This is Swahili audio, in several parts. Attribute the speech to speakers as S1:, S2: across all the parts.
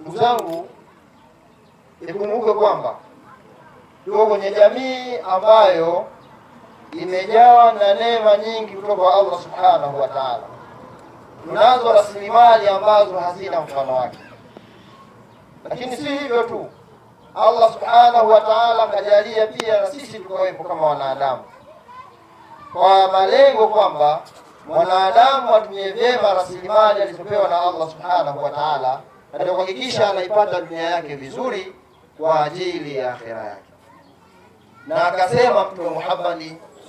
S1: Ndugu zangu, ikumbuke kwamba tuko kwenye jamii ambayo imejawa na neema nyingi kutoka kwa Allah subhanahu wa taala. Tunazo rasilimali ambazo hazina mfano wake, lakini si hivyo tu, Allah subhanahu wa taala kajalia pia na sisi tukawepo kama wanadamu kwa malengo kwamba mwanadamu atumie vyema rasilimali alizopewa na Allah subhanahu wa taala katika kuhakikisha anaipata dunia yake vizuri kwa ajili ya akhira yake. Na akasema Mtume Muhammad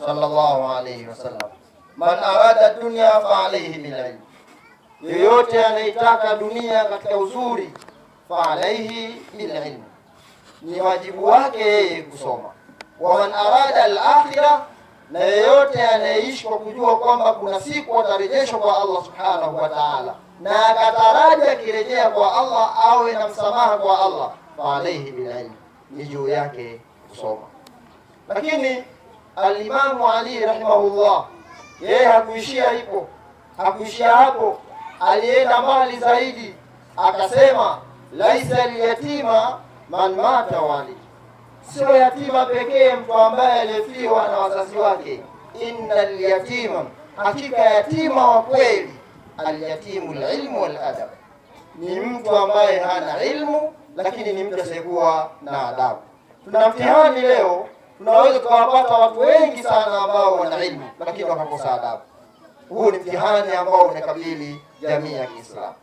S1: sallallahu alayhi wasallam, man arada dunya fa alayhi bil ilm, yoyote anaitaka dunia katika uzuri, fa alayhi bil ni wajibu wake yeye kusoma. Wa man arada al na yeyote anayeishi kwa kujua kwamba kuna siku atarejeshwa kwa Allah subhanahu wa ta'ala na akataraja akirejea kwa Allah awe na msamaha kwa Allah, fa alaihi ni juu yake kusoma. Lakini alimamu Ali rahimahullah, yeye hakuishia hapo, hakuishia hapo, alienda mbali zaidi akasema, laisa lyatima man mata wali, sio yatima pekee mtu ambaye alifiwa na wazazi wake. Inna lyatima, hakika yatima wa kweli alyatimu alilmu wal adab, ni mtu ambaye hana ilmu lakini ni mtu asiyekuwa na adabu. Tuna mtihani leo, tunaweza tukawapata watu wengi sana ambao wana ilmu lakini wakakosa adabu. Huu ni mtihani ambao unakabili jamii ya Kiislamu.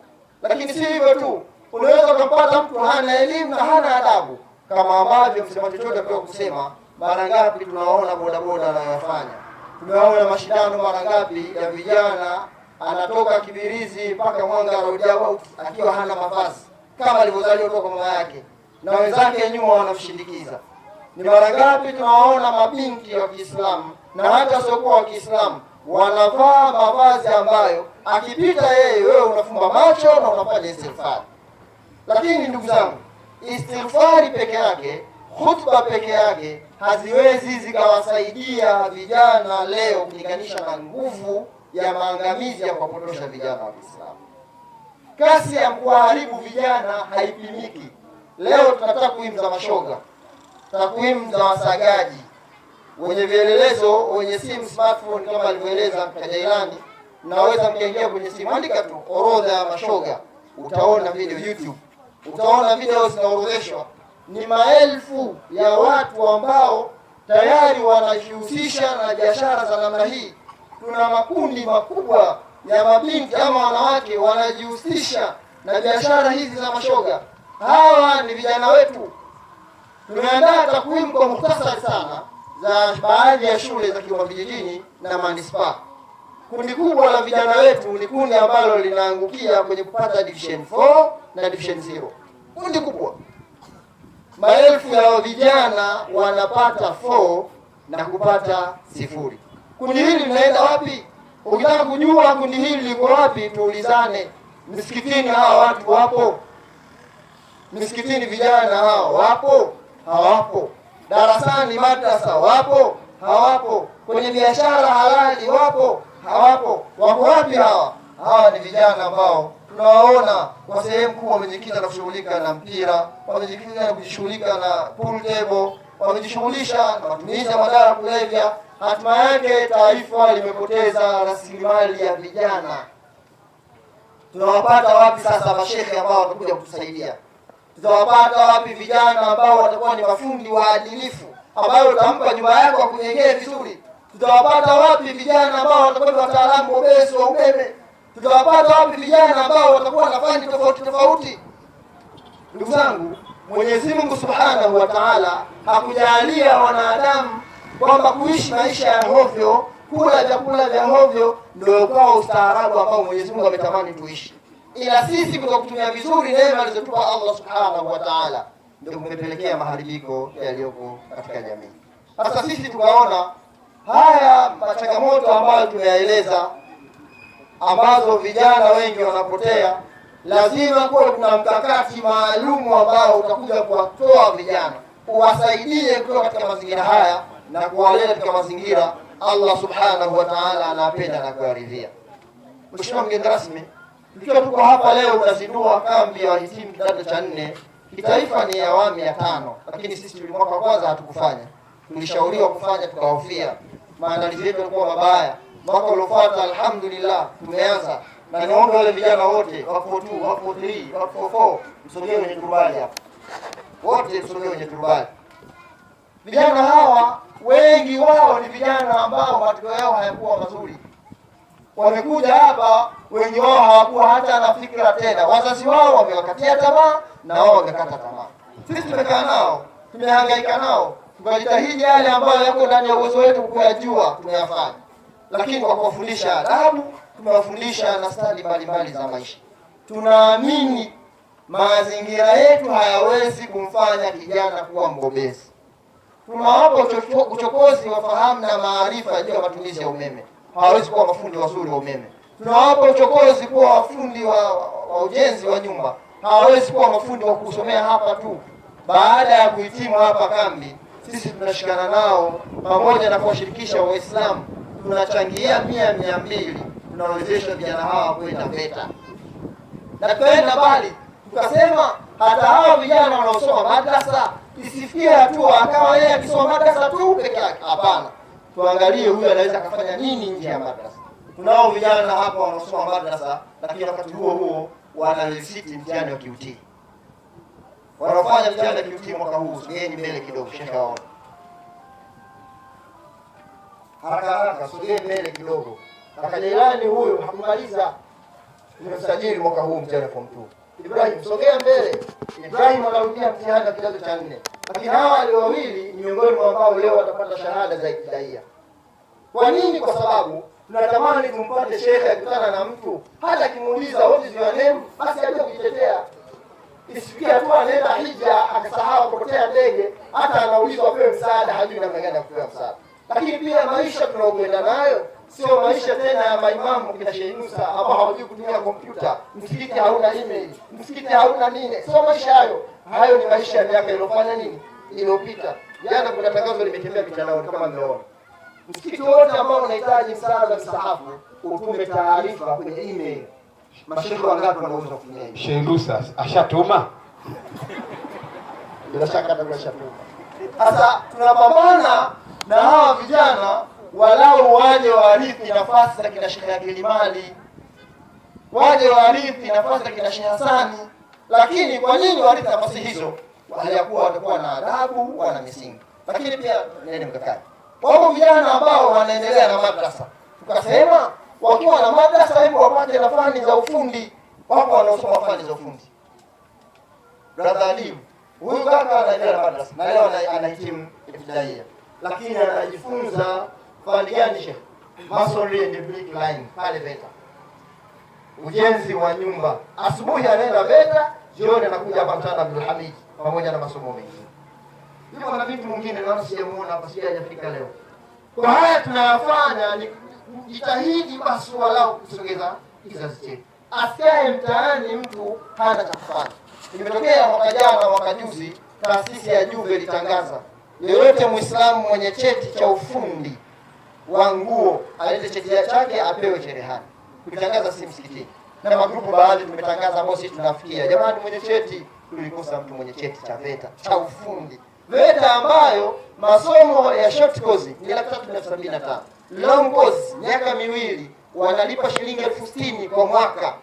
S1: Lakini si hivyo tu, unaweza ukampata mtu hana elimu na hana adabu, kama ambavyo msema chochote pia kusema. Mara ngapi tunawaona bodaboda anayofanya, tumewaona mashindano mara ngapi ya vijana anatoka Kibirizi mpaka Mwanga arudia akiwa hana mavazi kama alivyozaliwa kwa mama yake, na wenzake nyuma wanamshindikiza. Ni mara ngapi tunawaona mabinti wa Kiislamu na hata wasiokuwa wa Kiislamu wanavaa mavazi ambayo akipita yeye, wewe unafumba macho na unafanya istighfari. Lakini ndugu zangu, istighfari peke yake, khutba peke yake haziwezi zikawasaidia vijana leo kulinganisha na nguvu ya maangamizi ya kuwapotosha vijana wa Kiislamu. Kasi ya kuharibu vijana haipimiki. Leo tuna takwimu za mashoga, takwimu za wasagaji wenye vielelezo, wenye simu smartphone, kama alivyoeleza Mkajailani. naweza mkaingia kwenye simu, andika tu orodha ya mashoga, utaona video YouTube, utaona video zinaorodheshwa ni maelfu ya watu ambao tayari wanajihusisha na biashara za namna hii. Tuna makundi makubwa ya mabinti ama wanawake wanajihusisha na biashara hizi za mashoga. Hawa ni vijana wetu. Tumeandaa takwimu kwa muhtasari sana za baadhi ya shule za Kigoma vijijini na manispaa. Kundi kubwa la vijana wetu ni kundi ambalo linaangukia kwenye kupata division 4 na division 0, kundi kubwa maelfu ya vijana wanapata 4 na kupata sifuri. Kundi hili linaenda wapi? Ukitaka kujua kundi hili liko wapi, tuulizane. Msikitini hawa watu wapo? Msikitini vijana hawa wapo? Hawapo. Darasani madrasa wapo? Hawapo. Kwenye biashara halali wapo? Hawapo. Wako wapi hawa? Hawa ni vijana ambao tunawaona kwa sehemu kubwa wamejikita na kushughulika na mpira, wamejikita na kujishughulika na pool table, wamejishughulisha na matumizi ya madawa kulevya. Hatima yake taifa limepoteza rasilimali ya vijana. Tunawapata wapi sasa mashehe ambao watakuja kutusaidia? Tutawapata wapi vijana ambao watakuwa ni mafundi waadilifu, ambayo utampa nyumba yako akujengee vizuri? Tutawapata wapi vijana ambao watakuwa ni wataalamu wabezi wa umeme? tutawapata wapi vijana ambao watakuwa na fani tofauti tofauti? Ndugu zangu, Mwenyezi Mungu Subhanahu wa Ta'ala hakujalia wanadamu kwamba kuishi maisha ya hovyo, kula vyakula vya hovyo ndio kwa ustaarabu ambao Mwenyezi Mungu ametamani tuishi, ila sisi kwa kutumia vizuri neema alizotupa Allah Subhanahu wa Ta'ala ndio kumepelekea maharibiko yaliyoko katika jamii. Sasa sisi tukaona haya machangamoto ambayo tumeyaeleza ambazo vijana wengi wanapotea. Lazima kuwe kuna mkakati maalumu ambao utakuja kuwatoa vijana, uwasaidie kutoka katika mazingira haya na kuwaleta katika mazingira Allah subhanahu wa ta'ala anapenda na kuaridhia. Mheshimiwa mgeni rasmi, ikiwa tuko hapa leo unazindua kambi ya wahitimu kidato cha nne kitaifa, ni awamu ya tano, lakini sisi mwaka wa kwanza hatukufanya, tulishauriwa kufanya, tukahofia maandalizi yetu yalikuwa mabaya mwaka uliofuata alhamdulillah tumeanza, na niombe wale vijana wote wa 42 wa 43 wa 44 msogee kwenye turubali hapa, wote msogee kwenye turubali. Vijana hawa wengi wao ni vijana ambao matokeo yao hayakuwa mazuri, wamekuja hapa, wengi wao hawakuwa hata na fikra tena, wazazi wao wamewakatia tamaa na wao wamekata tamaa. Sisi tumekaa nao, tumehangaika nao, tukajitahidi yale ambayo yako ndani ya uwezo wetu kuyajua, tumeyafanya lakini kwa kuwafundisha adabu, tumewafundisha na stadi mbalimbali za maisha. Tunaamini mazingira yetu hayawezi kumfanya kijana kuwa mgobezi Tunawapa uchokozi wa fahamu na maarifa juu ya matumizi ya umeme, hawawezi kuwa mafundi wazuri wa umeme. Tunawapa uchokozi kuwa wafundi wa, wa ujenzi wa nyumba, hawawezi kuwa mafundi wa kusomea hapa tu. Baada ya kuhitimu hapa kambi, sisi tunashikana nao pamoja na kuwashirikisha Waislamu tunachangia mia mia mbili tunawezesha vijana hawa kwenda VETA na tukaenda mbali tukasema hata hawa vijana wanaosoma madrasa isifikie hatua akawa yeye akisoma madrasa tu peke yake. Hapana, tuangalie huyu anaweza akafanya nini nje ya madrasa. Tunao vijana hapa wanaosoma madrasa, lakini wakati huo huo wanaresiti mtihani wa kiutii wanaofanya mtihani wa kiutii mwaka huu. Sogeni mbele kidogo, shekaona haraka haraka, sogee mbele kidogo. Akaja ilani huyo, hakumaliza, nimemsajili mwaka huu mchana form 2. Ibrahim sogea mbele. Ibrahim anarudia mtihani kidato cha nne, lakini hawa wale wawili ni miongoni mwa ambao leo watapata shahada za ibtidaia. Kwa nini? Kwa sababu tunatamani tumpate shekhe akutana na mtu hata akimuuliza what is your name, basi aje kujitetea. Isifikie tu anaenda hija akasahau kupotea ndege, hata anaulizwa apewe msaada, hajui namna gani ya kupewa msaada. Lakini pia maisha tunaokwenda nayo sio maisha tena ya maimamu kina Sheikh Musa ambao hawajui kutumia kompyuta, msikiti hauna email, msikiti hauna nini. Sio maisha hayo, hayo ni maisha ya miaka iliyofanya nini, iliyopita. Jana yaani kuna tangazo limetembea mitandaoni kama mmeona, msikiti wote ambao unahitaji msaada wa msahafu utume taarifa kwenye email. Mashehe wangapi wanaweza kufanya
S2: hivyo? Sheikh Musa ashatuma bila shaka, ndio ashatuma.
S1: Sasa tunapambana na hawa vijana walau waje waarithi nafasi za kina Sheikh Abdilimali, waje waarithi nafasi za kina Sheikh Hasani. Lakini kwa nini waarithi nafasi hizo? Hali ya kuwa watakuwa na adabu, wana misingi, lakini pia nene mkakati wao vijana ambao wanaendelea na madrasa, tukasema wakiwa na madrasa hivyo wapate na fani za ufundi. Wako wanaosoma fani za ufundi, brother Alimu huyu kaka anaendelea na madrasa na leo anahitimu ibtidaia lakini anajifunza fani gani Sheikh? Masonry and brick line pale VETA, ujenzi wa nyumba. Asubuhi anaenda VETA, jioni anakuja hapa Mtanda Abdul Hamid pamoja na masomo mengine. Yuko na vitu mwingine na sijamuona hapa, sija hajafika leo. Kwa haya tunayafanya ni kujitahidi basi walau kusogeza kizazi chetu, asikae mtaani mtu hana cha kufanya. Imetokea mwaka jana, mwaka juzi, taasisi ya Juve ilitangaza Yoyote Muislamu mwenye cheti cha ufundi wa nguo alete cheti chake apewe cherehani. Kutangaza si msikitini, na magrupu baadhi tumetangaza ambao sisi tunafikia, jamani, mwenye cheti tulikosa mtu mwenye cheti cha VETA cha ufundi VETA ambayo masomo ya short course ni laki tatu na sabini na tano, long course miaka miwili wanalipa shilingi elfu sitini kwa mwaka.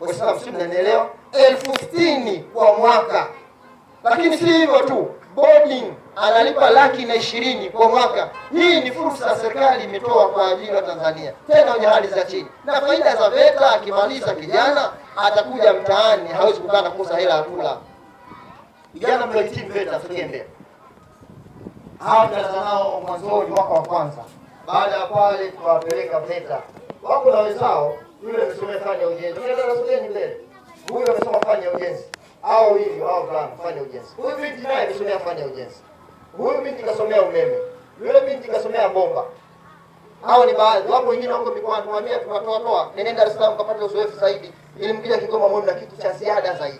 S1: Waislamu, mnanielewa? elfu sitini kwa mwaka lakini si hivyo tu, boarding analipa laki na ishirini kwa mwaka. Hii ni fursa serikali imetoa kwa ajili ya Tanzania, tena wenye hali za chini. Na faida za VETA, akimaliza kijana atakuja mtaani, hawezi kukaa na kukosa hela ya kula. Vijana mliohitimu VETA tukiende hawa vijana nao mwanzoni, mwaka wa kwanza, baada ya pale tukawapeleka VETA, wako na wenzao, yule amesomea fani ya ujenzi, huyo amesoma fani ya ujenzi au hivi au fulani kufanya ujenzi. Huyu binti naye amesomea kufanya ujenzi, huyu binti kasomea umeme, yule binti kasomea bomba. Hao ni baadhi, wapo wengine wako mikoa tunawaambia, tunatoa toa. nenda Dar es Salaam kapata uzoefu zaidi, ili mkija Kigoma mwe na kitu cha ziada zaidi.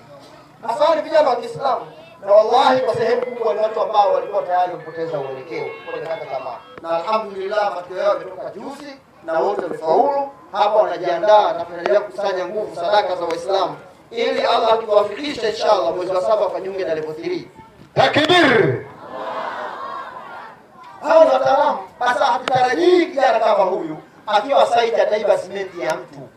S1: Hasa ni vijana wa Kiislamu na wallahi, kwa sehemu kubwa ni watu ambao walikuwa tayari kupoteza uelekeo kwa kata tamaa, na alhamdulillah matokeo yao yametoka juzi na wote wamefaulu. Hapa wanajiandaa na tunaendelea kukusanya nguvu sadaka za Waislamu ili Allah akiwafikisha inshallah mwezi wa saba kwa na level 3.
S2: Takbir!
S1: Hao ni wataalamu. Sasa hatutarajii kijana kama huyu akiwa saiti ataiba simenti ya mtu,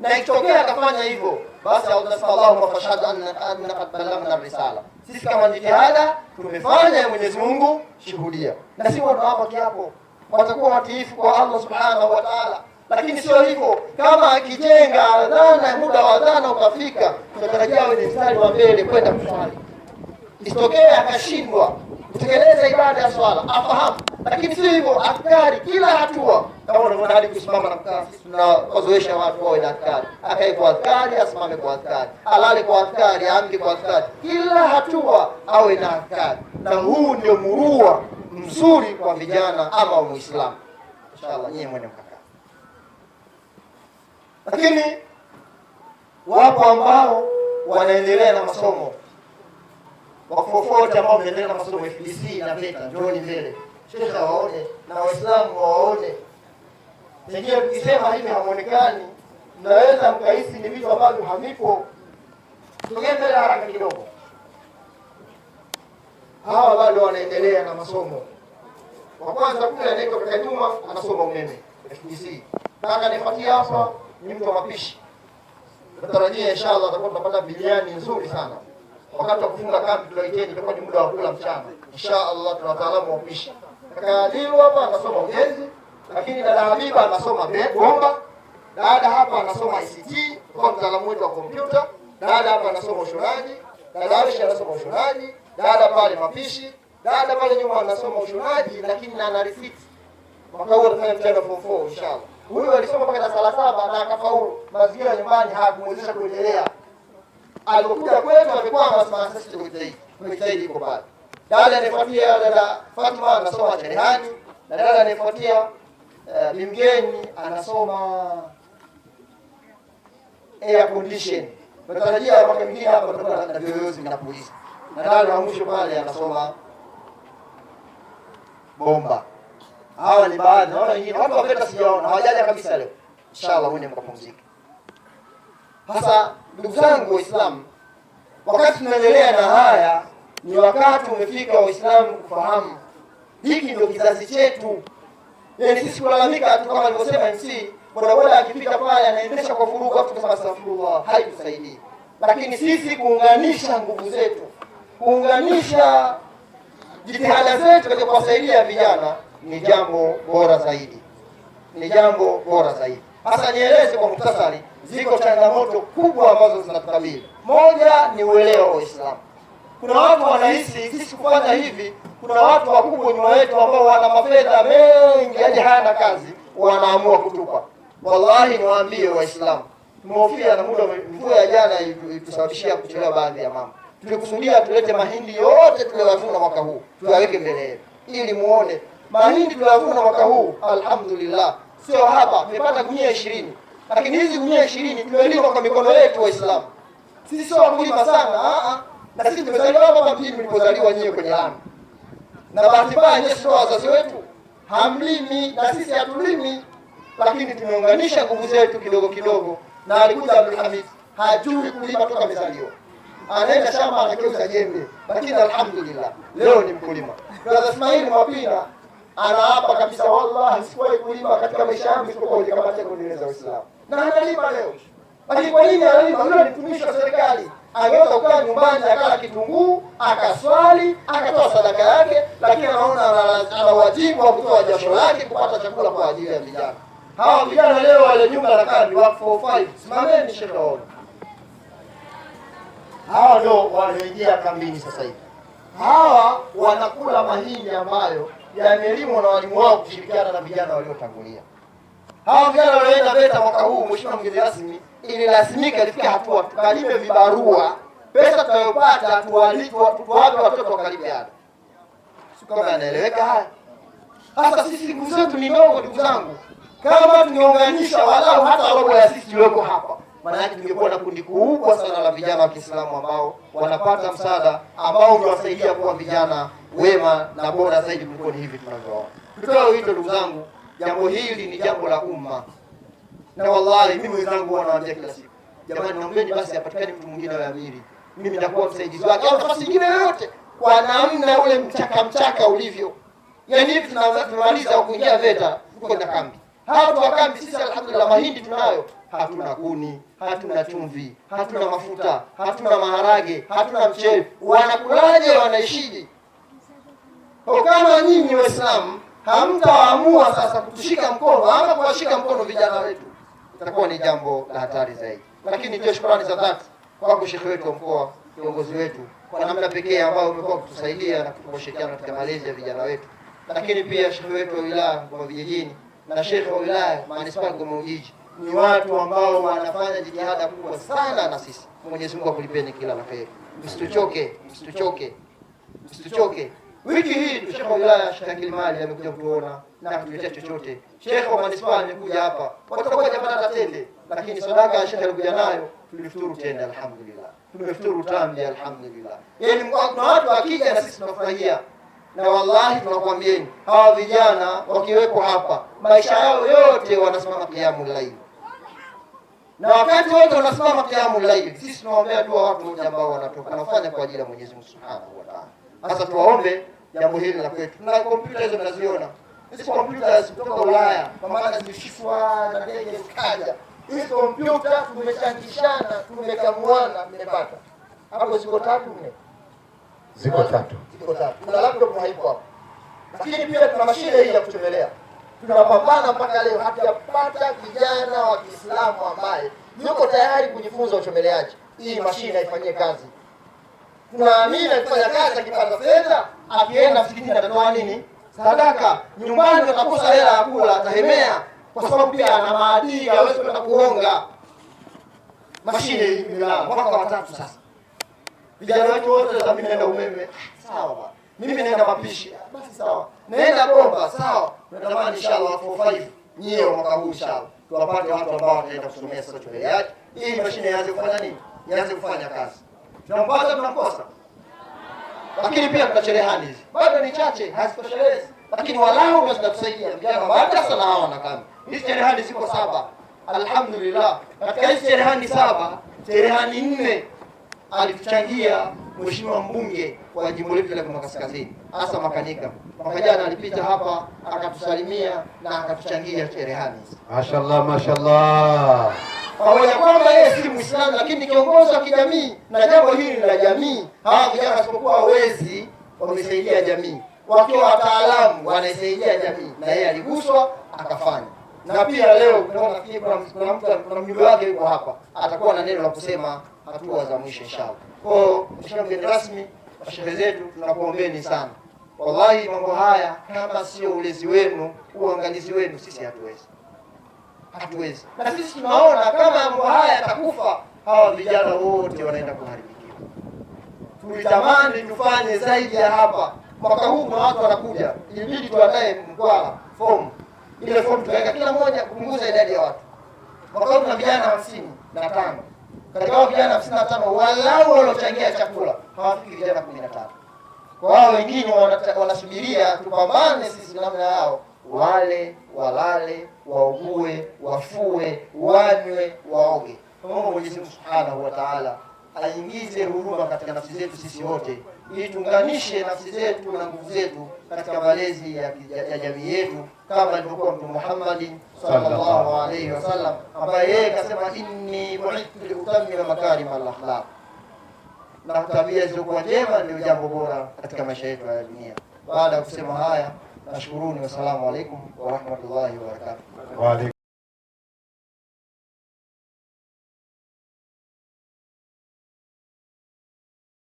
S1: na ikitokea akafanya hivyo, basi allahumma fashhad anna qad ballagna risala. Sisi kama jihada tumefanya ya Mwenyezi Mungu, shuhudia. Na si watu hapa kiapo, watakuwa watiifu kwa Allah subhanahu wa ta'ala lakini sio hivyo. Kama akijenga adhana, muda wa dhana ukafika, tunatarajia awe ni mstari wa mbele kwenda kuswali, isitokee akashindwa kutekeleza ibada ya swala, afahamu. Lakini sio hivyo, askari kila hatua, kama unavyoona hadi kusimama na kukaa, sisi tunawazoesha watu wawe na askari. Akae kwa askari, asimame kwa askari, alale kwa askari, aamke kwa askari, kila hatua awe na askari. Na huu ndio murua mzuri kwa vijana ama Muislamu. Inshallah nyie mwene lakini wapo ambao wanaendelea na masomo wafofote ambao wameendelea na masomo FBC na VETA, njooni mbele Sheikh waone na Waislamu waone. Pengine mkisema hivi hamwonekani mnaweza mkahisi ni vitu ambavyo havipo. Tugee mbele haraka kidogo, hawa bado wanaendelea na masomo. Wa kwanza kule anaitwa kaka anasoma umeme FBC, kaka nifuatie hapa ni mtu wa mapishi. Natarajia inshallah atakuwa tunapata biriani nzuri sana. Wakati wa kufunga kambi tunaiteni, itakuwa ni muda wa kula mchana. Inshallah tuna wataalamu wa upishi. Kaka Dilu hapa anasoma ujenzi, lakini dada Habiba anasoma bomba. Dada hapa anasoma ICT kwa mtaalamu wetu wa kompyuta. Dada hapa anasoma ushonaji. Dada Aisha anasoma ushonaji. Dada pale mapishi. Dada pale nyuma anasoma ushonaji, lakini na ana risiti. Mwaka huu atafanya mtihani wa form 4 inshallah. Huyu alisoma mpaka darasa la saba na akafaulu. Mazingira nyumbani hayakumwezesha kuendelea. Alipokuja kwetu amekuwa amekwama sana, sisi tumejitahidi, tumejitahidi iko pale. Dada anayefuatia dada Fatima anasoma cherehani na dada anayefuatia eh, Bimgeni anasoma air condition. Natarajia mwaka mwingine hapa tutakuwa na viyoyozi na polisi. Na dada wa mwisho pale anasoma bomba. Hawa ni baadhi, naona wengine watu wapenda, sijaona hawajaja kabisa leo. Inshallah mwende mkapumzike. Sasa ndugu zangu Waislamu, wakati tunaendelea na haya, ni wakati umefika Waislamu kufahamu hiki ndio kizazi chetu. Yaani sisi kulalamika tu, kama alivyosema MC bodaboda akifika pale anaendesha kwa furugu, afu tunasema astaghfirullah, haitusaidii. Lakini sisi kuunganisha nguvu zetu, kuunganisha jitihada zetu katika kuwasaidia vijana ni jambo bora zaidi, ni jambo bora zaidi. Sasa nieleze kwa muktasari, ziko changamoto kubwa ambazo zinatukabili. Moja ni uelewa wa Uislamu. Kuna watu wanahisi sisi kufanya hivi, kuna watu wakubwa nyuma yetu ambao wana mafedha mengi hadi yaani hayana kazi, wanaamua kutupa. Wallahi niwaambie Waislamu, tumehofia na muda, mvua ya jana ilitusababishia kuchelewa baadhi ya mambo. Tulikusudia tulete mahindi yote tuliyovuna mwaka huu tuyaweke mbele yetu ili muone mahindi tuliyovuna mwaka huu alhamdulillah, sio haba, tumepata gunia ishirini, lakini hizi gunia ishirini tumelima kwa mikono yetu Waislamu. Sisi sio wakulima sana aa, ah, ah. na sisi tumezaliwa hapa mjini mlipozaliwa nyewe kwenye lami, na bahati mbaya nyie sio wazazi wetu, hamlimi na sisi hatulimi, lakini tumeunganisha nguvu zetu kidogo kidogo. Na alikuja Abdul Hamid, hajui kulima toka amezaliwa anaenda shamba anageuza jembe, lakini alhamdulillah leo ni mkulima. Brother Ismail Mapina anaapa kabisa, wallahi sikuwahi kulima katika maisha yangu isipokuwa ile kamati ya kuendeleza Uislamu, na analima leo. Lakini kwa nini analima? Yule ni mtumishi wa serikali, angeweza kukaa nyumbani akala kitunguu akaswali akatoa sadaka yake, lakini anaona ana wajibu wa kutoa jasho lake kupata chakula kwa ajili ya vijana hawa. Vijana leo wale nyumba na kadi wa 45 simameni shekaona hawa ndio wanaingia kambini sasa hivi, hawa wanakula mahindi ambayo yani elimu na walimu wao kushirikiana na vijana waliotangulia. Hawa vijana walioenda VETA mwaka huu, mheshimiwa mgeni rasmi, ililazimika ilifika hatua tukalipe vibarua, pesa tunayopata tuwape watoto wakalipe ada. Kama anaeleweka haya? hasa sisi nguvu zetu ni ndogo, ndugu zangu, kama tungeunganisha walau hata robo ya sisi tulioko hapa maana yake tungekuwa na kundi kubwa sana la vijana wa Kiislamu ambao wanapata msaada ambao utawasaidia kuwa vijana wema na bora zaidi kuliko ni hivi tunavyoona. Tutoe wito ndugu zangu, jambo hili ni jambo la umma, na wallahi mimi wenzangu wanawaambia kila siku, jamani, naombeni basi apatikane mtu mwingine wa amiri, mimi nitakuwa msaidizi wake au nafasi nyingine yoyote, kwa namna ule mchaka mchaka ulivyo. Yani hivi tunamaliza kuingia VETA, tuko na kambi, hapo watu wa kambi sisi, alhamdulillah mahindi tunayo hatuna kuni, hatuna chumvi, hatuna mafuta, hatuna maharage, hatuna mchele, wanakulaje? Wanaishije? Kwa kama nyinyi Waislamu hamtaamua sasa kutushika mkono ama kuwashika mkono vijana wetu, itakuwa ni jambo la hatari zaidi. Lakini nitoe shukrani za dhati kwako shekhe wetu wa mkoa, kiongozi wetu, kwa namna pekee ambayo umekuwa kutusaidia na kushirikiana katika malezi ya vijana wetu, lakini pia shekhe wetu wa wilaya wa vijijini na shekhe wa wilaya manispaa Kigoma Ujiji ni watu ambao wanafanya jitihada kubwa sana na sisi. Mwenyezi Mungu akulipeni kila la heri. Msituchoke, msituchoke, msituchoke. Wiki hii tu shekhe wa wilaya Sheikh Kilimali amekuja kutuona na kutuletea chochote. Sheikh wa manispaa amekuja hapa, watakuwa jamani tatende, lakini sadaka ya Sheikh alikuja nayo tulifuturu tende, alhamdulillah. Tumefuturu tambi, alhamdulillah. Yaani kuna watu akija na sisi tunafurahia na wallahi tunakwambieni hawa vijana wakiwepo hapa maisha yao yote wanasimama kiamu laili na wakati wote wanasimama kiamu laili, sisi tunaombea dua watu wote ambao wanatoka wanafanya kwa ajili ya Mwenyezi Mungu Subhanahu wa Ta'ala. Sasa tuwaombe jambo hili la kwetu. Tuna kompyuta hizo mnaziona, hizi kompyuta zitoka Ulaya, kwa maana zilishushwa na ndege zikaja. Hizi kompyuta tumechangishana, tumekamuana, mmepata hapo. Ziko tatu nne,
S2: ziko tatu,
S1: ziko tatu. Kuna laptop haipo hapo, lakini pia tuna mashine hii ya kuchomelea tunapambana mpaka leo, hatujapata kijana wa Kiislamu ambaye yuko tayari kujifunza uchomeleaji. Hii mashine aifanyie kazi. Tunaamini akifanya kazi, akipata fedha, akienda msikitini atatoa nini? Sadaka. Nyumbani atakosa hela ya kula, atahemea, kwa sababu pia ana maadili, hawezi kwenda kuhonga. Mashine hii mwaka wa tatu sasa, vijana wetu wote, umeme sawa mimi naenda mapishi, basi sawa, naenda bomba, sawa. Natamani inshallah form five nyie mwaka huu inshallah tuwapate watu ambao wataenda kusomea sasa yake, ili mashine yaanze kufanya nini, yaanze kufanya kazi. Tunapata tunakosa, lakini pia tuna hizi bado ni chache, hazitoshelezi, lakini walau basi zinatusaidia vijana madrasa na hawa na kama hizi cherehani ziko saba, alhamdulillah. Katika hizi cherehani saba, cherehani nne alichangia mheshimiwa mbunge wa jimbo letu la Kivuma Kaskazini, hasa Makanika. Mwaka jana alipita hapa akatusalimia na akatuchangia cherehani.
S2: Mashaallah, mashaallah.
S1: Pamoja kwamba yeye si Muislamu, lakini kiongozi wa kijamii na jambo hili la jamii. Hawa vijana wasipokuwa wawezi, wamesaidia jamii, wakiwa wataalamu wanaisaidia jamii, na yeye aliguswa akafanya na pia leo nafikiri kuna mtu kuna mjumbe wake yuko hapa, atakuwa na neno la kusema hatua za mwisho inshallah. Kwa hiyo mgeni rasmi, shehe zetu tunakuombeni sana, wallahi mambo haya kama sio ulezi wenu, uangalizi wenu, sisi hatuwezi, hatuwezi. Na sisi tunaona kama mambo haya yatakufa, hawa vijana wote wanaenda kuharibikiwa. Tulitamani tufanye zaidi ya hapa. Mwaka huu kuna watu wanakuja, ilibidi tuandae Mkwala fomu ile fomu tukaweka kila moja kupunguza idadi ya watu. Mwaka huu tuna vijana hamsini na tano katika hao vijana hamsini na tano walau waliochangia chakula hawafiki vijana kumi na tatu kwa hao wengine wanasubiria tupambane sisi namna yao, wale walale, waugue, wafue, wanywe, waoge. Mungu Mwenyezi Mungu Subhanahu wa Ta'ala aingize huruma katika nafsi zetu sisi wote, ili tuunganishe nafsi zetu na nguvu zetu katika malezi ya, ya, ya jamii yetu, kama alivyokuwa Mtume Muhammad sallallahu alaihi wasallam, ambaye yeye akasema inni bu'ithtu liutammima makarima al-akhlaq, na tabia zilizokuwa njema ndio jambo bora katika maisha yetu ya dunia. Baada ya kusema haya, nashukuruni, wassalamu alaikum warahmatullahi
S2: wabarakatuh.